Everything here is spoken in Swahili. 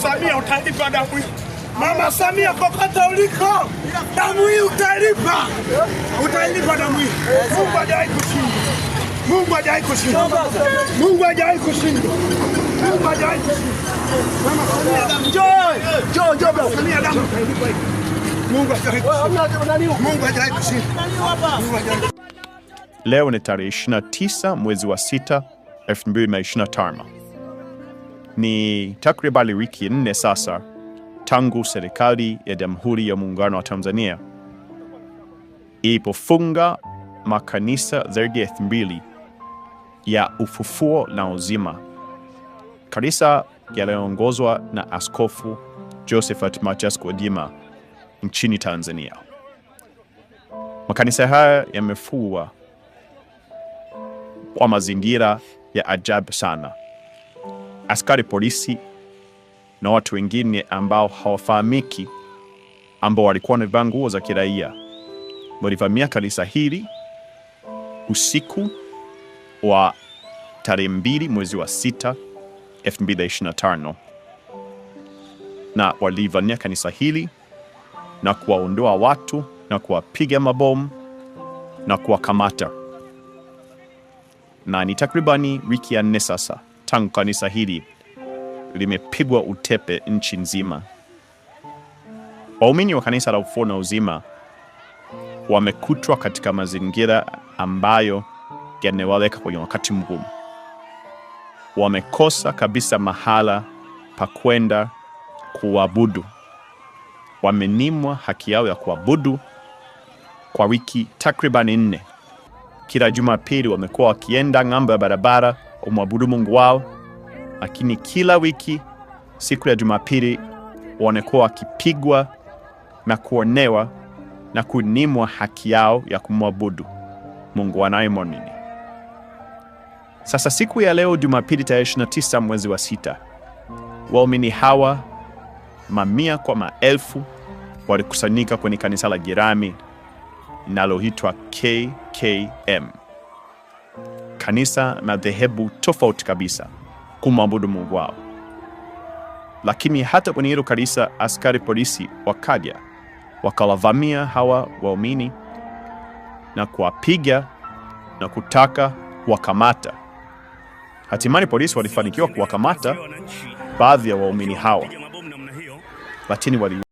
Samia Mama Samia kokote uliko, damu hii utalipa, utalipa damu hii. Mungu hajawahi kushinda. Mungu hajawahi kushindwa. Mungu hajawahi kushindwa. Mungu hajawahi kushindwa. Mama Samia, njoo njoo njoo baba Samia damu. Mungu hajawahi kushindwa. Mungu hajawahi kushindwa. Leo ni tarehe 29 mwezi wa 6 2025. Ni takribani wiki nne sasa tangu serikali ya Jamhuri ya Muungano wa Tanzania ilipofunga makanisa zaidi ya elfu mbili ya ufufuo na uzima. Kanisa yaliyoongozwa na Askofu Josephat Matias Gwajima nchini Tanzania. Makanisa haya yamefua kwa mazingira ya ajabu sana. Askari polisi na watu wengine ambao hawafahamiki ambao walikuwa wamevaa nguo za kiraia walivamia kanisa hili usiku wa tarehe mbili mwezi wa sita 2025 na walivania kanisa hili na kuwaondoa watu na kuwapiga mabomu na kuwakamata, na ni takribani wiki ya nne sasa tangu kanisa hili limepigwa utepe nchi nzima. Waumini wa kanisa la Ufufuo na Uzima wamekutwa katika mazingira ambayo yanawaweka kwenye wakati mgumu. Wamekosa kabisa mahala pa kwenda kuabudu, wamenimwa haki yao ya kuabudu kwa wiki takribani nne. Kila Jumapili wamekuwa wakienda ng'ambo ya barabara kumwabudu Mungu wao, lakini kila wiki siku ya Jumapili wamekuwa wakipigwa na kuonewa na kunimwa haki yao ya kumwabudu Mungu wanaye sasa siku ya leo Jumapili tarehe 29 mwezi wa sita, waumini hawa mamia kwa maelfu walikusanyika kwenye kanisa la jirani linaloitwa KKM, kanisa na dhehebu tofauti kabisa, kumwabudu Mungu wao. Lakini hata kwenye hilo kanisa, askari polisi wakaja wakawavamia hawa waumini na kuwapiga na kutaka kuwakamata. Hatimaye polisi walifanikiwa kuwakamata baadhi ya waumini hawa, lakini wali